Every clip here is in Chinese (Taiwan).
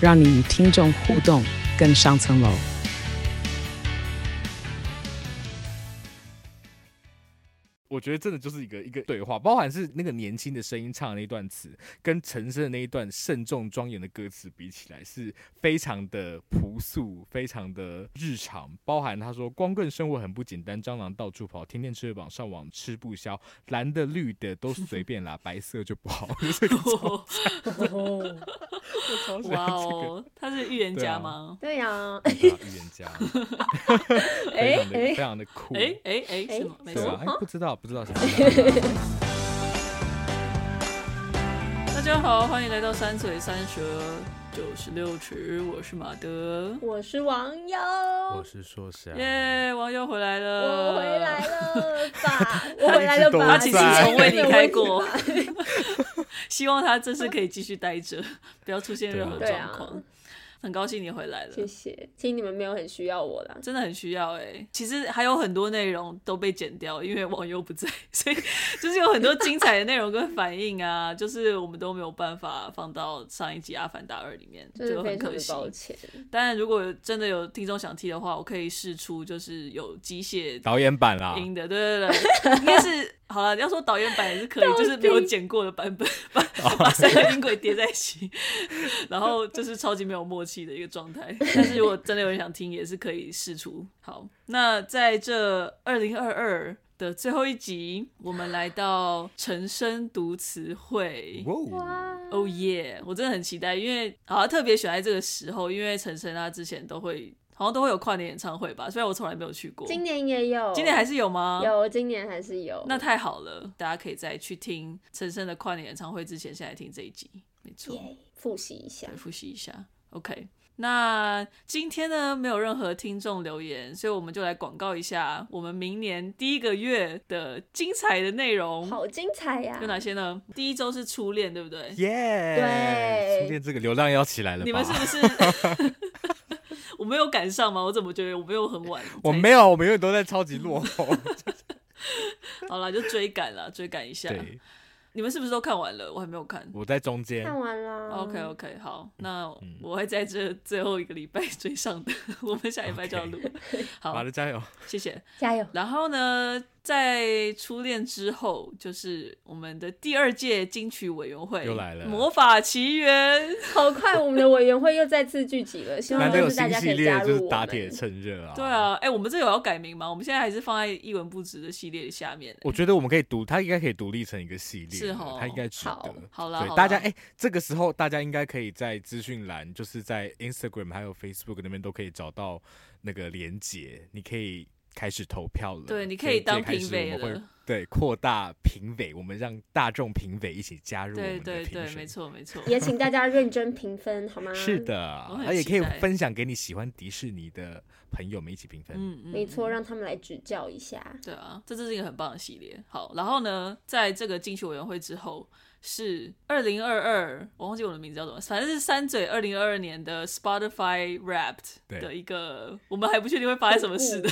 讓你與聽眾互動更上層樓。我覺得真的就是一個一個對話，包含是那個年輕的聲音唱的那一段詞，跟陳昇的那一段慎重莊嚴的歌詞比起來，是非常的樸素，非常的日常。包含他說：“光棍生活很不簡單，蟑螂到處跑，天天吃網上網吃不消，藍的綠的都隨便啦，呵呵白色就不好。就是” oh. Oh. 嗯、哇哦，他是預言家嗎？對呀、啊，預、啊、言家，非常的、欸、非常的酷。哎哎哎，是嗎？對啊、啊，欸、不知道，不知道，不知道。 大家好，歡迎來到三嘴三舌九十六尺，我是馬德，我是王悠，我是碩蝦，耶，yeah, 王悠回來了，我回來了， 我回來了吧，爸我回來了。爸他其實從未離開過， 希望他這次可以繼續待着，不要出現任何狀況。很高興你回來了，謝謝。聽你們沒有很需要我啦。真的很需要哎、欸。其實還有很多內容都被剪掉，因為網友不在，所以就是有很多精彩的內容跟反應啊， 就是我們都沒有辦法放到上一集《阿凡達二》裡面，就，就很可惜。抱歉。當然如果真的有聽眾想聽的話，我可以釋出就是有機械導演版啦音的，對對對，應該 是好了。要說導演版也是可以， 就是沒有剪過的版本， 把、 哦、把三個音軌疊在一起， 然後就是超級沒有默契。的一個狀態，但是如果真的有人想聽，也是可以試出。好，那在這二零二二的最後一集，我們來到陳昇讀詞會。哇耶，我真的很期待，因為好像特別喜歡這個時候，因為陳昇他之前都會好像都會有跨年演唱會吧？雖然我從來沒有去過，今年也有，今年還是有嗎？有，今年還是有。那太好了，大家可以再去聽陳昇的跨年演唱會之前，先來聽這一集，沒錯，yeah, 複習一下，複習一下。OK，那今天呢，沒有任何聽眾留言，所以我們就來廣告一下我們明年第一個月的精彩的內容。好精彩呀、啊！有哪些呢？第一周是初戀，對不對？Yeah，對，初戀這個流浪要起來了。你們是不是？ 我沒有趕上嗎？我怎麼覺得我沒有很晚？我沒有，我們永遠都在超級落後。 好啦，就追趕啦，追趕一下。你們是不是都看完了？我還沒有看，我在中間看完了。OK OK，好，那我會在這最後一個禮拜追上的。嗯、 我們下禮拜就要錄，okay, 好，好的加油，謝謝，加油。然後呢？在初戀之後，就是我們的第二屆金曲委員會又來了。魔髮奇緣，好快，我們的委員會又再次聚集了。希望大家可以加入我們。難得有新系列，就是打鐵趁熱啊。對啊，哎，我們這有要改名嗎？我們現在還是放在藝文不值的系列下面。我覺得我們可以獨，它應該可以獨立成一個系列。是哦，它應該值得。好，好了。對大家，哎，這個時候大家應該可以在資訊欄，就是在 Instagram 還有 Facebook 那邊都可以找到那個連結，你可以。開始投票了，對，你可以當評委。對，擴大評委，我們讓大眾評委一起加入我們的評審對對對，沒錯沒錯，也請大家認真評分 好嗎？是的，而、啊、也可以分享給你喜歡迪士尼的朋友們一起評分嗯。嗯，嗯沒錯，讓他們來指教一下。對啊，這就是一個很棒的系列。好，然後呢，在這個進去委員會之後。是二零二二，2022，我忘記我的名字叫什麼，反正是三嘴二零二二年的 Spotify Wrapped 的一個，對我們還不確定會發生什麼事的，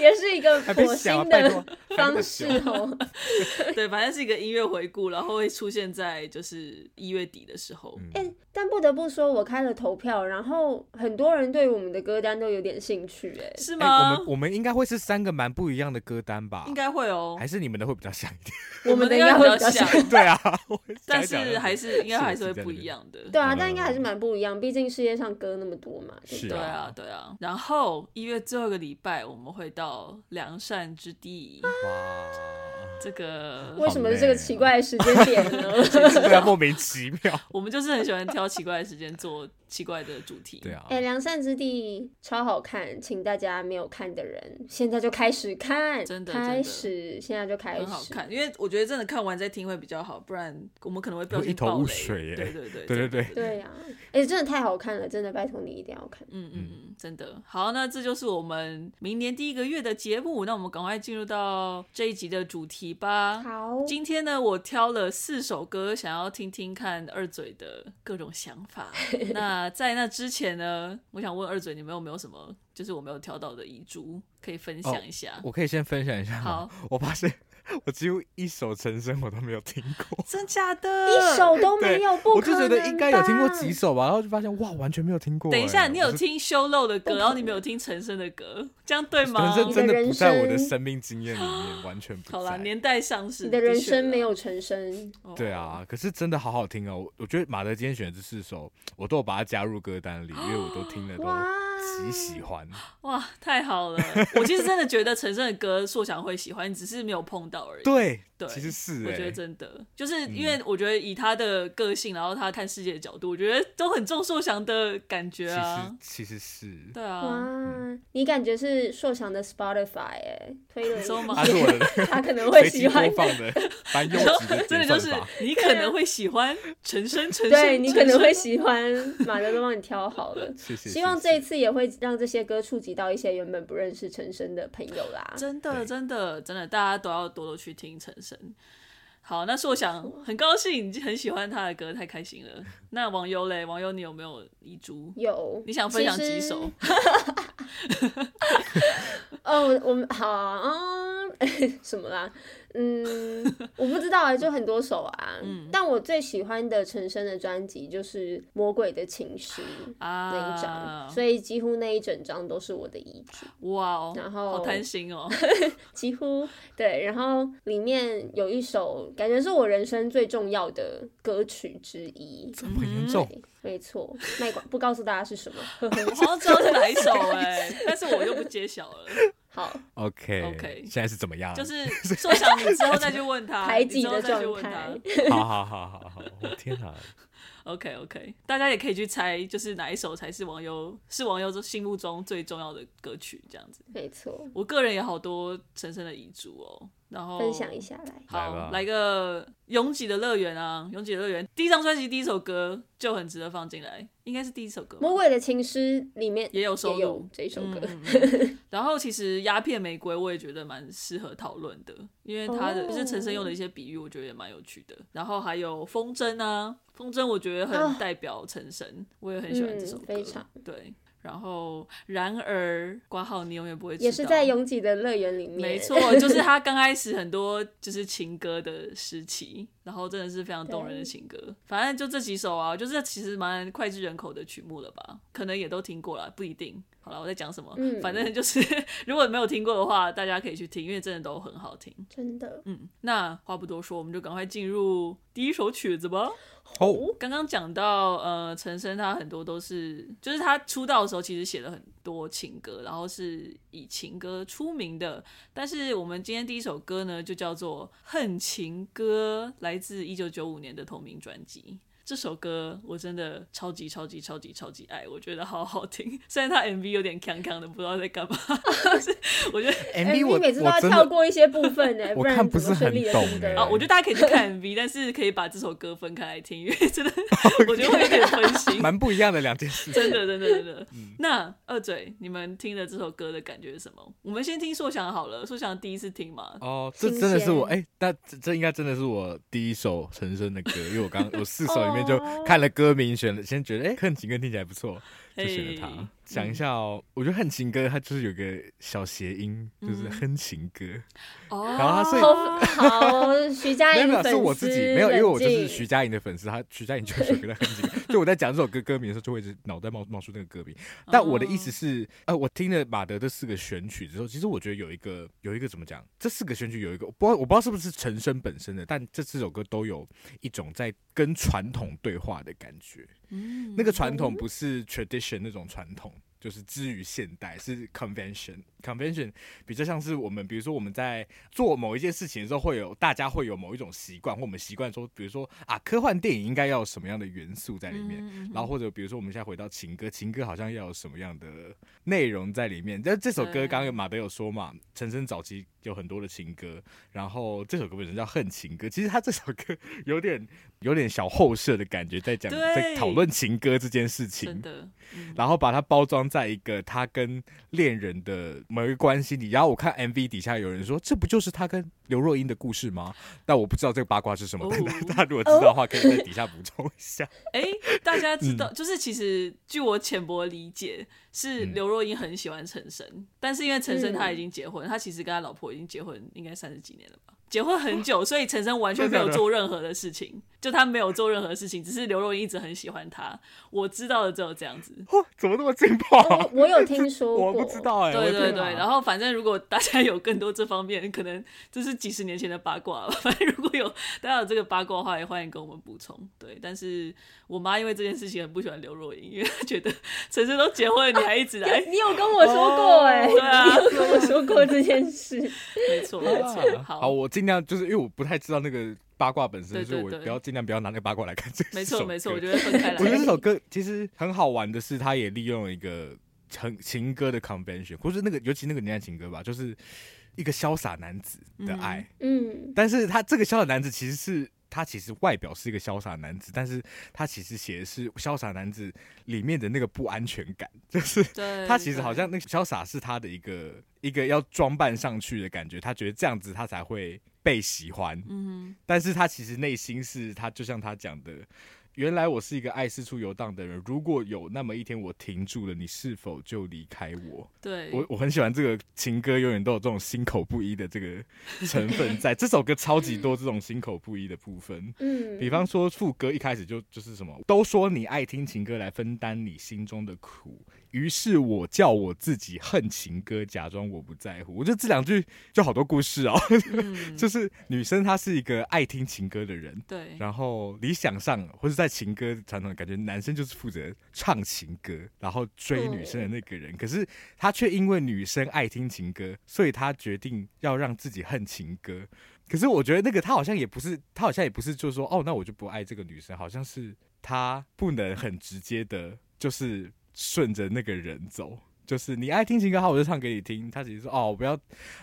也是一個火星的方式。哦。 對，反正是一個音樂回顧，然後會出現在就是一月底的時候。哎、嗯欸，但不得不說，我開了投票，然後很多人對我們的歌單都有點興趣、欸，哎，是嗎？欸、我們我們應該會是三個蠻不一樣的歌單吧？應該會哦，還是你們的會比較像一點？我們的應該會比較像。 對啊， 但是還是應該還是會不一樣的。對啊，但應該還是蠻不一樣，畢竟世界上歌那麼多嘛。是啊。對啊，對啊。然後一月最後一個禮拜，我們會到良善之地。哇！這個為什麼是這個奇怪的時間點呢？對啊美，莫名其妙。我們就是很喜歡挑奇怪的時間做。奇怪的主題，對啊，哎，《良善之地》超好看，請大家沒有看的人現在就開始看，真的，開始真的現在就開始，很好看，因為我覺得真的看完再聽會比較好，不然我們可能會去暴雷一頭霧水耶，對對對，對，對對對，對呀、啊，哎，真的太好看了，真的拜托你一定要看，嗯嗯嗯，真的，好，那這就是我們明年第一個月的節目，那我們趕快進入到這一集的主題吧。好，今天呢，我挑了四首歌，想要聽聽看二嘴的各種想法， 那。在那之前呢，我想問二嘴，你們有沒有什麼就是我沒有挑到的遺珠可以分享一下？哦，我可以先分享一下啊。好，我發現。我只有一首陳升，我都沒有聽過，真假的 對一首都沒有，不我就覺得應該有聽過幾首吧，然後就發現哇，完全沒有聽過，欸。等一下，就你有聽修漏的歌，然後你沒有聽陳升的歌，這樣對嗎？陳升真的不在我的生命經驗裡面，完全不在。好啦，年代上是你，你的人生沒有陳升。對啊，可是真的好好聽哦，喔。我覺得馬德今天選的這四首，我都有把它加入歌單裡，因為我都聽了都極喜歡哇。哇，太好了！ 我其實真的覺得陳升的歌碩想會喜歡，只是沒有碰到。而已。對對，其實是，我覺得真的，就是因為我覺得以他的個性，然後他看世界的角度，我覺得都很重碩翔的感覺啊。其實是，對啊。哇，你感覺是碩翔的 Spotify 推論？收嗎？是我的，他可能會喜歡放，真的就是你可能會喜歡陳昇陳昇，對，你可能會喜歡，馬德都幫你挑好了，希望這一次也會讓這些歌觸及到一些原本不認識陳昇的朋友啦。真的，真的，真的，大家都要多。多去聽陳升，好，那是我想很高興，你很喜歡他的歌，太開心了。那網友咧，網友你有沒有遺珠？有，你想分享幾首？啊、嗯，我們好，什麼啦？嗯，我不知道啊、欸，就很多首啊。嗯、但我最喜歡的陳昇的專輯就是《魔鬼的情詩》那一張，啊、所以幾乎那一整張都是我的遺據。哇哦，然後好貪心哦， 幾乎對。然後裡面有一首，感覺是我人生最重要的歌曲之一。這麼嚴重？嗯、沒錯，賣關子不告訴大家是什麼， 我好像知道是哪一首哎、欸， 但是我又不揭曉了。好，OK，OK，Okay, Okay. 現在是怎麼樣？就是說小你之後再去問他，抬舉 的你之後再去問好 好好好好，我、哦、天啊 ！OK OK，大家也可以去猜，就是哪一首才是網友是網友心目中最重要的歌曲？這樣子，沒錯錯。我個人也好多陳昇的遺珠哦。然後分享一下來，好，來，吧來個《擁擠的樂園》啊，《擁擠的樂園》第一張專輯第一首歌就很值得放進來，應該是第一首歌。《魔鬼的情詩》裡面也有收錄這一首歌。然後其實《鴉片玫瑰》我也覺得蠻適合討論的，因為它的就是、oh. 陳昇用的一些比喻，我覺得也蠻有趣的。然後還有風、啊《風箏》啊，《風箏》我覺得很代表陳昇，oh. 我也很喜歡這首歌。嗯、非常對。然後，然而，掛號你永遠不會知道，也是在擁擠的樂園裡面， 沒錯，就是他剛開始很多就是情歌的時期，然後真的是非常動人的情歌，對反正就這幾首啊，就是其實蠻膾炙人口的曲目了吧，可能也都聽過了，不一定。好啦，我在講什麼？嗯、反正就是，如果沒有聽過的話，大家可以去聽，因為真的都很好聽。真的，嗯。那話不多說，我們就趕快進入第一首曲子吧。哦，剛剛講到呃，陳昇他很多都是，就是他出道的時候其實寫了很多情歌，然後是以情歌出名的。但是我們今天第一首歌呢，就叫做《恨情歌》，來自一九九五年的同名專輯。這首歌我真的超級超級超級超級愛，我覺得好好聽。雖然他 MV 有點康康的，不知道在幹嘛。我覺得 MV 我每次都要跳過一些部分呢，我看不是很懂的。啊，我覺得大家可以去看 MV，但是可以把這首歌分開來聽，因為真的我覺得會有點分心，蠻不一樣的兩件事。真的，真的，真的。那二嘴，你們聽了這首歌的感覺是什麼？我們先聽碩翔好了，碩翔第一次聽嘛。哦，這真的是我哎，那這應該真的是我第一首陳昇的歌，因為我剛剛我四首裡面，就看了歌名，選了先，覺得哎，恨、欸、情歌聽起來不錯，嘿就選了他。講、嗯、一下哦，我覺得恨情歌它就是有個小諧音，嗯、就是哼情歌。哦、嗯，然後他是、oh, 好，好，徐佳瑩粉絲 沒有，是我自己，沒有，因為我就是徐佳瑩的粉絲，他靜徐佳瑩就選擇了恨情歌。 就我在講這首歌歌名的時候，就會一直腦袋冒冒出那個歌名。但我的意思是，呃，我聽了馬德的四個選曲之後，其實我覺得有一個有一個怎麼講，這四個選曲有一個，我不知道，我不知道是不是陳昇本身的，但這四首歌都有一種在跟傳統對話的感覺。那個傳統不是 tradition 那種傳統，就是之於現代是 convention。Convention 比較像是我們，比如說我們在做某一件事情的時候，會有大家會有某一種習慣，或我們習慣說，比如說啊，科幻電影應該要有什麼樣的元素在裡面，嗯、然後或者比如說我們現在回到情歌，情歌好像要有什麼樣的內容在裡面。是這首歌剛剛有馬德有說嘛，陳升對早期有很多的情歌，然後這首歌本身叫《恨情歌》，其實他這首歌有點有點小後設的感覺，在講對在討論情歌這件事情，真的、嗯、然後把它包裝在一個他跟戀人的。沒關係，你。然後我看 MV 底下有人說，這不就是他跟劉若英的故事嗎？但我不知道這個八卦是什麼，大家、哦、如果知道的話，哦、可以在底下補充一下。哎，大家知道，嗯、就是其實據我淺薄理解，是劉若英很喜歡陳升，嗯、但是因為陳升他已經結婚，他、嗯、其實跟他老婆已經結婚應該三十幾年了吧。結婚很久，所以陳昇完全沒有做任何的事情，哦、就他沒有做任何事情，只是劉若英一直很喜歡他。我知道的只有這樣子。哇、哦，怎麼那麼勁爆、啊哦？我有聽說過，我不知道哎、欸。對對對，然後反正如果大家有更多這方面，可能就是幾十年前的八卦了。反 正如果有大家有這個八卦的話，也歡迎跟我們補充。對，但是我媽因為這件事情很不喜歡劉若英，因為她覺得陳昇都結婚了，你還一直來。啊、有你有跟我說過哎、欸？哦、對啊，你有跟我說過這件事。 沒錯錯，沒錯、啊。好，好我這。儘量，就是因為我不太知道那個八卦本身，對對對，所以我不要儘量不要拿那個八卦來看這首歌。沒錯，沒錯，我覺得分開來。我覺得這首歌其實很好玩的是，他也利用了一個情情歌的 convention，不是那個尤其那個年代情歌吧，就是一個瀟灑男子的愛。嗯，嗯，但是他這個瀟灑男子其實是他，其實外表是一個瀟灑男子，但是他其實寫的是瀟灑男子裡面的那個不安全感，就是他其實好像那個瀟灑是他的一個一個要裝扮上去的感覺，他覺得這樣子他才會。被喜歡，嗯、哼但是他其實內心是他就像他講的，原來我是一個愛四處遊蕩的人。如果有那麼一天我停住了，你是否就離開我？對我我很喜歡這個情歌，永遠都有這種心口不一的這個成分在 這首歌超級多這種心口不一的部分，嗯、比方說副歌一開始就就是什麼，都說你愛聽情歌來分擔你心中的苦。於是我叫我自己恨情歌，假裝我不在乎。我覺得這兩句就好多故事哦，嗯、 就是女生她是一個愛聽情歌的人，對。然後理想上或者在情歌傳統，常常感覺男生就是負責唱情歌，然後追女生的那個人。嗯、可是他卻因為女生愛聽情歌，所以他決定要讓自己恨情歌。可是我覺得那個他好像也不是，他好像也不是，就說哦，那我就不愛這個女生。好像是他不能很直接的，就是。順着那個人走，就是你愛聽情歌，好，我就唱給你聽。他直接說：“哦，我不要，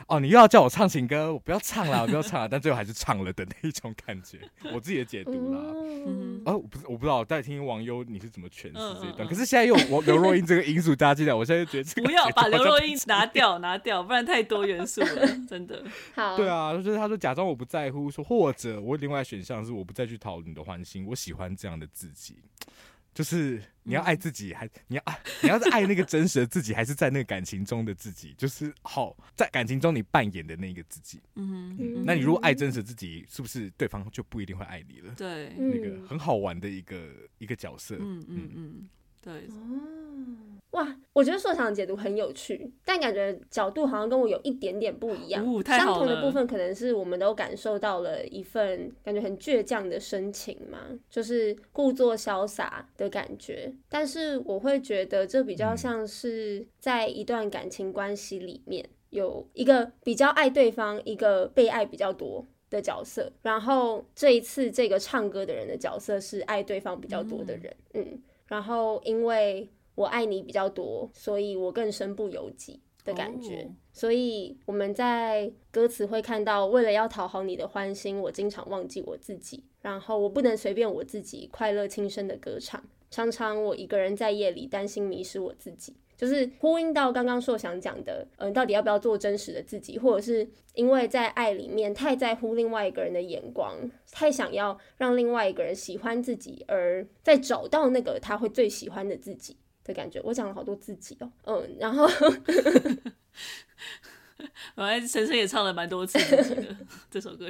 哦，你又要叫我唱情歌，我不要唱了，我不要唱了。” 但最後還是唱了的那一種感覺，我自己的解讀啦。啊、嗯哦，我不，我不知道。再聽王優你是怎麼詮釋這一段？嗯嗯，可是現在又劉 若英這個因素加進來，我現在就覺得不要把劉若英拿掉，拿掉，不然太多元素了，真的。好。對啊，就是他說假裝我不在乎，說或者我另外的選項是我不再去討你的歡心，我喜歡這樣的自己。就是你要愛自己還，還、嗯、你要你要是愛那個真實的自己，還是在那個感情中的自己， 就是好、oh, 在感情中你扮演的那個自己。嗯哼，嗯哼。那你如果愛真實自己，是不是對方就不一定會愛你了？對，嗯、那個很好玩的一個一個角色。嗯嗯嗯。嗯嗯嗯對哦，哇！我覺得說唱解讀很有趣，但感覺角度好像跟我有一點點不一樣。啊哦、相同的部分可能是我們都感受到了一份感覺很倔強的深情嘛，就是故作瀟灑的感覺。但是我會覺得這比較像是在一段感情關係裡面有一個比較愛對方、一個被愛比較多的角色。然後這一次這個唱歌的人的角色是愛對方比較多的人，嗯。嗯然後，因為我愛你比較多，所以我更身不由己的感覺。Oh. 所以我們在歌詞會看到，為了要討好你的歡心，我經常忘記我自己。然後我不能隨便我自己快樂輕聲的歌唱，常常我一個人在夜裡擔心迷失我自己。就是呼應到剛剛說想講的，嗯、呃，到底要不要做真實的自己，或者是因為在愛裡面太在乎另外一個人的眼光，太想要讓另外一個人喜歡自己，而再找到那個他會最喜歡的自己的感覺。我講了好多自己哦、喔，嗯，然後，哈哈哈，本來陳昇也唱了蠻多次的 這首歌。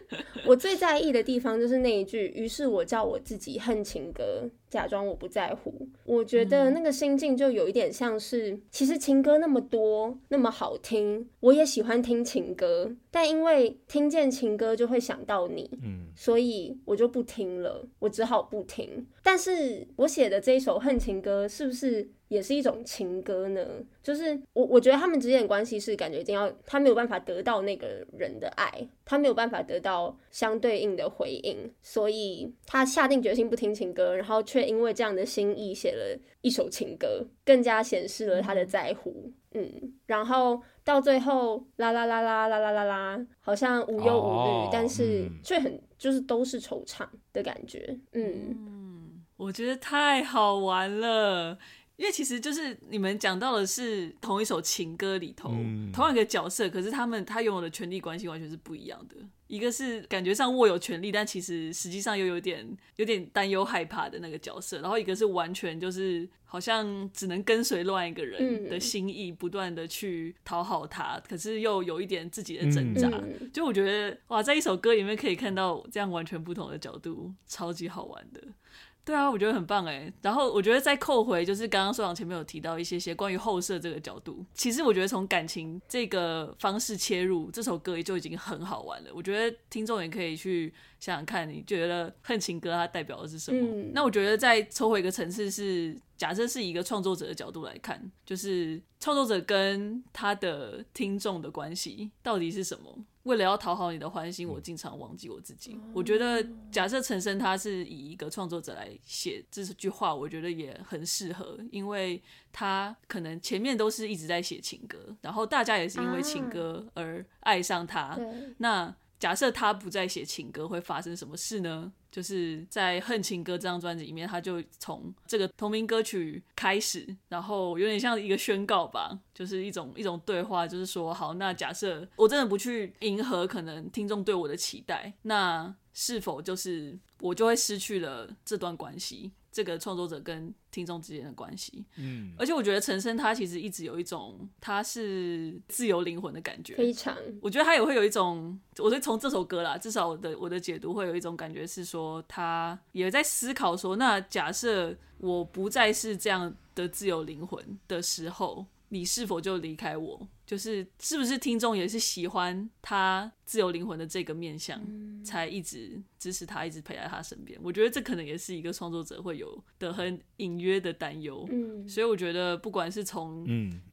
我最在意的地方就是那一句，於是我叫我自己恨情歌，假裝我不在乎，我覺得那個心境就有一點像是，嗯，其實情歌那麼多，那麼好聽，我也喜歡聽情歌，但因為聽見情歌就會想到你，嗯，所以我就不聽了，我只好不聽。但是我寫的這一首恨情歌，是不是也是一種情歌呢？就是我，我覺得他們之間的關係是感覺一定要他沒有辦法得到那個人的愛。他沒有辦法得到相對應的回應，所以他下定決心不聽情歌，然後卻因為這樣的心意寫了一首情歌，更加顯示了他的在乎。嗯，然後到最後，啦啦啦啦啦啦啦啦，好像無憂無慮，oh, 但是卻很就是都是惆悵的感覺。嗯嗯，我覺得太好玩了。因為其實就是你們講到的是同一首情歌裡頭，嗯、同一個角色，可是他們他擁有的權力關係完全是不一樣的。一個是感覺上握有權力，但其實實際上又有點有點擔憂害怕的那個角色，然後一個是完全就是好像只能跟隨另外一個人的心意，嗯、不斷的去討好他，可是又有一點自己的掙扎。嗯、就我覺得哇，在一首歌裡面可以看到這樣完全不同的角度，超級好玩的。對啊，我覺得很棒哎。然後我覺得再扣回，就是剛剛說，我前面有提到一些些關於後設這個角度。其實我覺得從感情這個方式切入，這首歌也就已經很好玩了。我覺得聽眾也可以去想想看，你覺得恨情歌它代表的是什麼？嗯。那我覺得再抽回一個層次，是假設是一個創作者的角度來看，就是創作者跟他的聽眾的關係到底是什麼？為了要討好你的歡心，我經常忘記我自己。嗯、我覺得，假設陳昇他是以一個創作者來寫這句話，我覺得也很適合，因為他可能前面都是一直在寫情歌，然後大家也是因為情歌而愛上他。啊、那假設他不再寫情歌會發生什麼事呢？就是在《恨情歌》這張專輯裡面，他就從這個同名歌曲開始，然後有點像一個宣告吧，就是一種一種對話，就是說，好，那假設我真的不去迎合可能聽眾對我的期待，那是否就是我就會失去了這段關係？這個創作者跟聽眾之間的關係，嗯，而且我覺得陳昇他其實一直有一種他是自由靈魂的感覺，非常。我覺得他也會有一種，我覺得從這首歌啦，至少我的我的解讀會有一種感覺是說，他也在思考說，那假設我不再是這樣的自由靈魂的時候。你是否就離開我？就是是不是聽眾也是喜歡他自由靈魂的這個面向，才一直支持他，一直陪在他身邊？我覺得這可能也是一個創作者會有的很隱約的擔憂。所以我覺得不管是從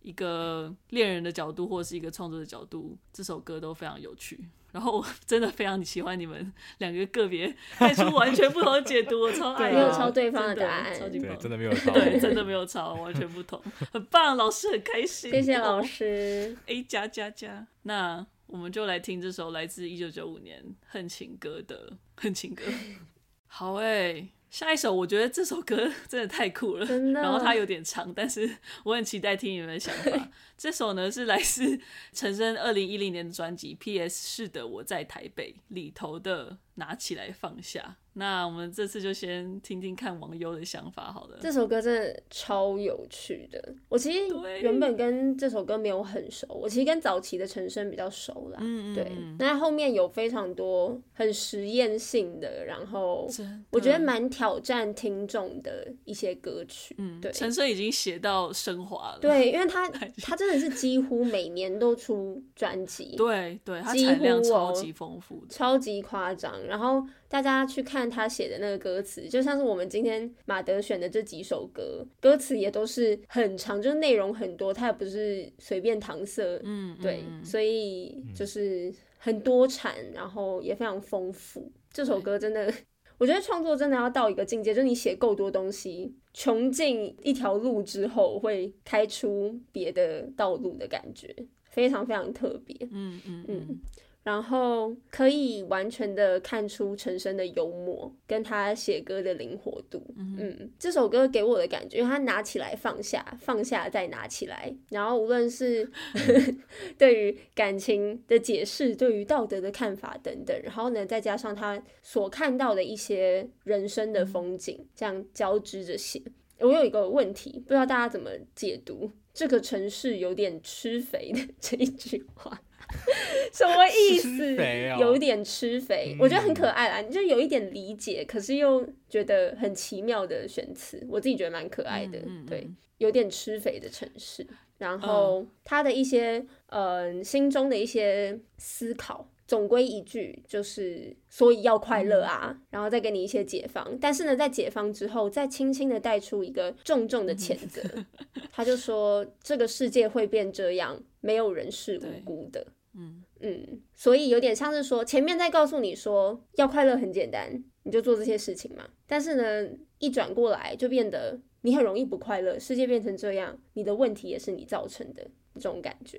一個戀人的角度，或是一個創作的角度，這首歌都非常有趣。然後我真的非常喜歡你們兩個個別帶出完全不同的解讀， 我超愛啊！沒有抄對方的答案，真的超級棒！對，真的沒有超，對，真的沒有抄， 完全不同，很棒，老師很開心。謝謝老師，A 加加加。那我們就來聽這首來自一九九五年《恨情歌》的《恨情歌》好欸。好誒。下一首，我覺得這首歌真的太酷了，然後它有點長，但是我很期待聽你們的想法。這首呢是來自陳昇二零一零年的專輯《P.S. 是的，我在台北》裡頭的《拿起來放下》。那我們這次就先聽聽看王友的想法好了。這首歌真的超有趣的。我其實原本跟這首歌沒有很熟，我其實跟早期的陳昇比較熟啦。嗯，嗯，嗯對。那後面有非常多很實驗性的，然後我覺得蠻挑戰聽眾的一些歌曲。的對嗯，對。陳昇已經寫到升華了。對，因為他他真的是幾乎每年都出專輯。對對、 喔，他產量超級豐富的，超級誇張，然後。大家去看他寫的那個歌詞，就像是我們今天馬德選的這幾首歌，歌詞也都是很長，就是內容很多，他也不是隨便搪塞，嗯，對，所以就是很多產，然後也非常豐富。這首歌真的，我覺得創作真的要到一個境界，就是你寫夠多東西，窮盡一條路之後，會開出別的道路的感覺，非常非常特別。嗯。嗯嗯，嗯然後可以完全的看出陳昇的幽默，跟他寫歌的靈活度。嗯、mm hmm. 嗯，這首歌給我的感覺，他拿起來放下，放下再拿起來。然後無論是 對於感情的解釋，對於道德的看法等等，然後呢，再加上他所看到的一些人生的風景，這樣交織着寫。我有一個問題，不知道大家怎麼解讀“這個城市有點吃肥”的這一句話。 什麼意思？喔、有一點吃肥，嗯、我覺得很可愛啊！就有一點理解，可是又覺得很奇妙的選詞，我自己覺得蠻可愛的。嗯嗯嗯對，有點吃肥的城市，然後他的一些嗯、呃，心中的一些思考。總歸一句，就是所以要快樂啊，嗯、然後再給你一些解方。但是呢，在解方之後，再輕輕的帶出一個重重的譴責。嗯、他就說，這個世界會變這樣，沒有人是無辜的。嗯嗯，所以有點像是說，前面在告訴你說要快樂很簡單，你就做這些事情嘛。但是呢，一轉過來就變得你很容易不快樂，世界變成這樣，你的問題也是你造成的這種感覺。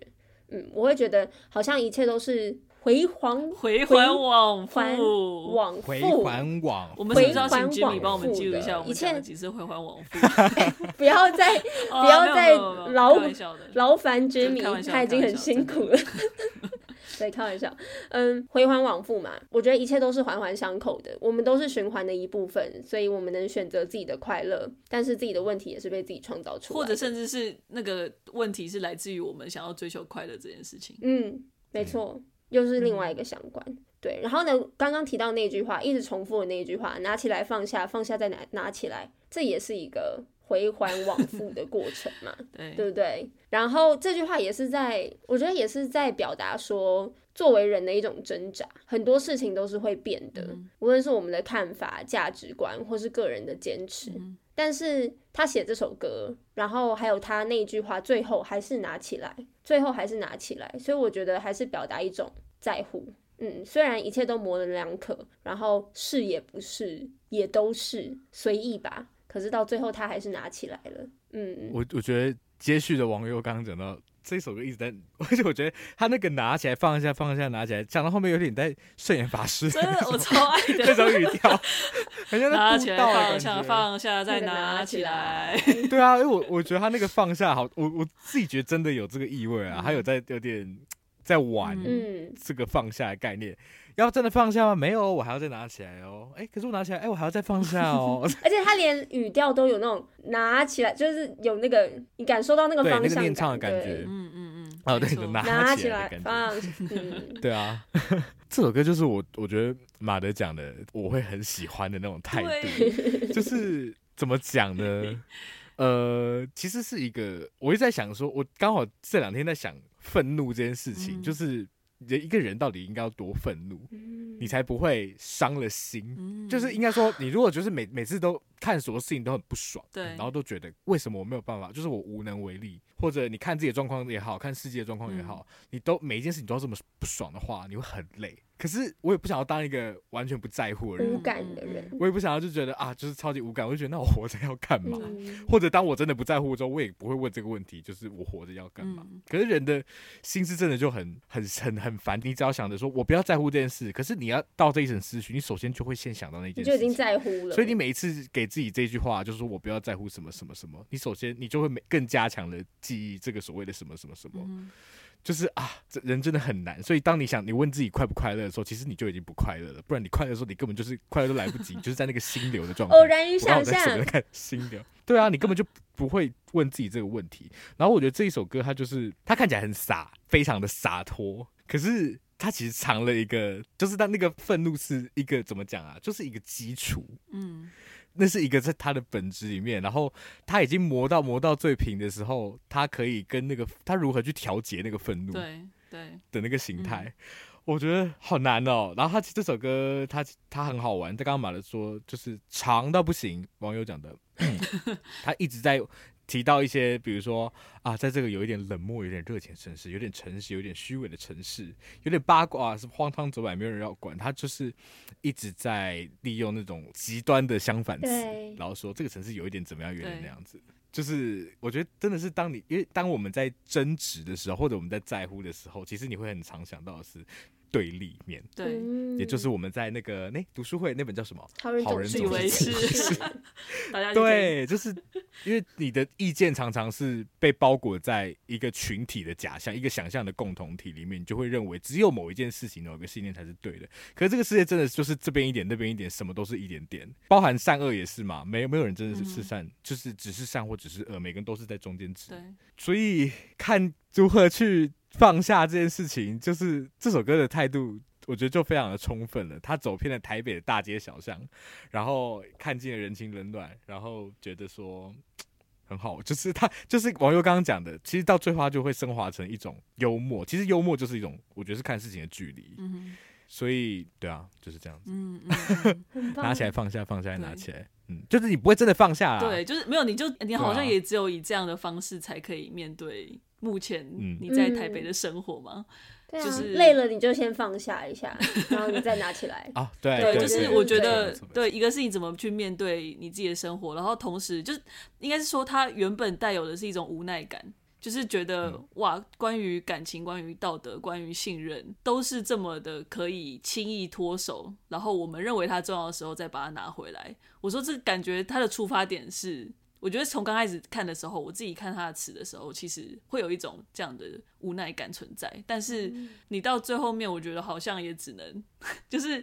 嗯，我會覺得好像一切都是。迴環，迴環往復，迴往復，迴環往。我們什麼時候請 Jimmy 幫我們記錄一下？我們講了幾次迴環往復切、 欸？不要再，不要再勞勞煩 Jimmy，他已經很辛苦了。 對，開玩笑。嗯，迴環往復嘛，我覺得一切都是環環相扣的。我們都是循環的一部分，所以我們能選擇自己的快樂，但是自己的問題也是被自己創造出來。或者甚至是那個問題是來自於我們想要追求快樂這件事情。嗯，沒錯。嗯又是另外一個相關、嗯、對，然後呢，剛剛提到那句話，一直重複的那句話，拿起來放下，放下再拿，拿起來，這也是一個回環往復的過程嘛， 對，對不對？然後這句話也是在，我覺得也是在表達說，作為人的一種掙扎，很多事情都是會變的，嗯、無論是我們的看法、價值觀，或是個人的堅持。嗯但是他寫這首歌，然後還有他那一句話，最後還是拿起來，最後還是拿起來，所以我覺得還是表達一種在乎。嗯，雖然一切都模棱兩可，然後是也不是，也都是隨意吧，可是到最後他還是拿起來了。嗯，我我覺得接續的網友剛剛講到。這首歌一直在，而且我覺得他那個拿起來放下，放下拿起來，講到後面有點在聖嚴法師的那種，真的我超愛這 種語調，像在拿起來放下，放下再拿起來。 對啊，因為我我覺得他那個放下好，我我自己覺得真的有這個意味啊，還、嗯、有在有點在玩這個放下的概念。要真的放下嗎？沒有，我還要再拿起來哦、喔。哎、欸，可是我拿起來，哎、欸，我還要再放下哦、喔。 而且他連語調都有那種拿起來，就是有那個你感受到那個方向感。對，那個演唱的感覺。嗯嗯嗯。啊、嗯嗯哦，對，拿起，拿起來，放。嗯，對啊。 這首歌就是我，我覺得馬德講的，我會很喜歡的那種態度。對就是怎麼講呢？ 呃，其實是一個，我一直在想說，我剛好這兩天在想憤怒這件事情，嗯、就是。一個人到底應該要多憤怒，嗯、你才不會傷了心？嗯、就是應該說，你如果就是每每次都看所有事情都很不爽，對然後都覺得為什麼我沒有辦法，就是我無能為力，或者你看自己的狀況也好，看世界的狀況也好，嗯、你都每一件事情都要這麼不爽的話，你會很累。可是我也不想要當一個完全不在乎的人，無感的人，我也不想要就覺得啊，就是超級無感，我就覺得那我活着要幹嘛？或者當我真的不在乎的時候，我也不會問這個問題，就是我活着要幹嘛？可是人的心思真的就很很很很煩，你只要想着說我不要在乎這件事，可是你要到這一層思緒，你首先就會先想到那件事，你就已經在乎了。所以你每一次給自己這句話，就是說我不要在乎什麼什麼什麼，你首先你就會每更加強的記憶這個所謂的什麼什麼什麼。嗯就是啊，人真的很難。所以當你想你問自己快不快樂的時候，其實你就已經不快樂了。不然你快樂的時候，你根本就是快樂都來不及， 就是在那個心流的狀態。偶然一下守看心流。對啊，你根本就不會問自己這個問題。 然後我覺得這一首歌，它就是它看起來很傻，非常的灑脫。可是它其實藏了一個，就是它那個憤怒是一個怎麼講啊？就是一個基礎。嗯。那是一個在他的本質裡面，然後他已經磨到磨到最平的時候，他可以跟那個他如何去調節那個憤怒，對對的那個形態，我覺得好難哦，喔。嗯，然後他其實這首歌，他他很好玩，他剛剛馬德說就是長到不行，網友講的，他一直在。提到一些，比如說啊，在這個有一點冷漠，有點熱情的城市，有點誠實，有點虛偽的城市，有點八卦、啊、是荒唐走板，沒有人要管，他就是一直在利用那種極端的相反詞，對然後說這個城市有一點怎麼樣，有點那樣子。對就是我覺得真的是當你因為當我們在爭執的時候，或者我們在在乎的時候，其實你會很常想到的是。對立面，對，也就是我們在那個那讀書會那本叫什麼？他們為好人總是自以為是 對，就是因為你的意見常常是被包裹在一個群體的假象， 一個想象的共同體裡面，你就會認為只有某一件事情，有一個信念才是對的。可是這個世界真的就是這邊一點，那邊一點，什麼都是一點點，包含善惡也是嘛。沒有沒有人真的是是善，嗯、就是只是善或只是惡，每個人都是在中間值。對，所以看如何去。放下這件事情，就是這首歌的態度，我覺得就非常的充分了。他走遍了台北的大街小巷，然後看盡了人情冷暖，然後覺得說很好，就是他就是網友剛剛講的，其實到最後就會升華成一種幽默。其實幽默就是一種，我覺得是看事情的距離。嗯哼，所以對啊，就是這樣子。嗯，嗯 拿起來放下，放下來拿起來，對嗯，就是你不會真的放下。對，就是沒有，你就你好像也只有以這樣的方式才可以面對。目前你在台北的生活嗎？就是累了你就先放下一下，然後你再拿起來。啊，對，就是我覺得，對，一個是你怎麼去面對你自己的生活，然後同時就是應該是說，它原本帶有的是一種無奈感，就是覺得哇，關於感情、關於道德、關於信任，都是這麼的可以輕易脫手，然後我們認為它重要的時候再把它拿回來。我說這感覺，它的出發點是。我覺得從剛開始看的時候，我自己看他的詞的時候，其實會有一種這樣的無奈感存在。但是你到最後面，我覺得好像也只能，就是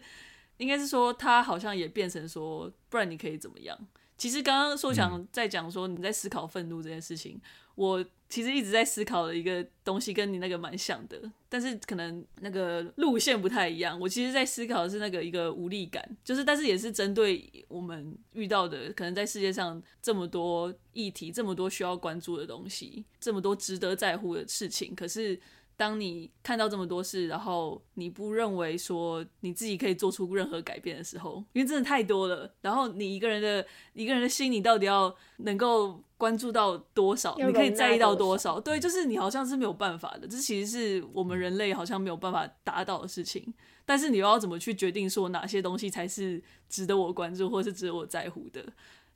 應該是說他好像也變成說，不然你可以怎麼樣？其實剛剛壽祥在講說，你在思考憤怒這件事情。我其實一直在思考的一個東西，跟你那個蠻像的，但是可能那個路線不太一樣。我其實在思考的是那個一個無力感，就是，但是也是針對我們遇到的，可能在世界上這麼多議題，這麼多需要關注的東西，這麼多值得在乎的事情，可是。當你看到這麼多事，然後你不認為說你自己可以做出任何改變的時候，因為真的太多了。然後你一個人的一個人的心，你到底要能夠關注到多少？多少你可以在意到多少？嗯、對，就是你好像是沒有辦法的。這其實是我們人類好像沒有辦法達到的事情。但是你又要怎麼去決定說哪些東西才是值得我關注，或是值得我在乎的？